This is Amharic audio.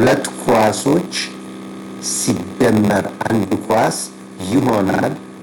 ሁለት ኳሶች ሲደመር አንድ ኳስ ይሆናል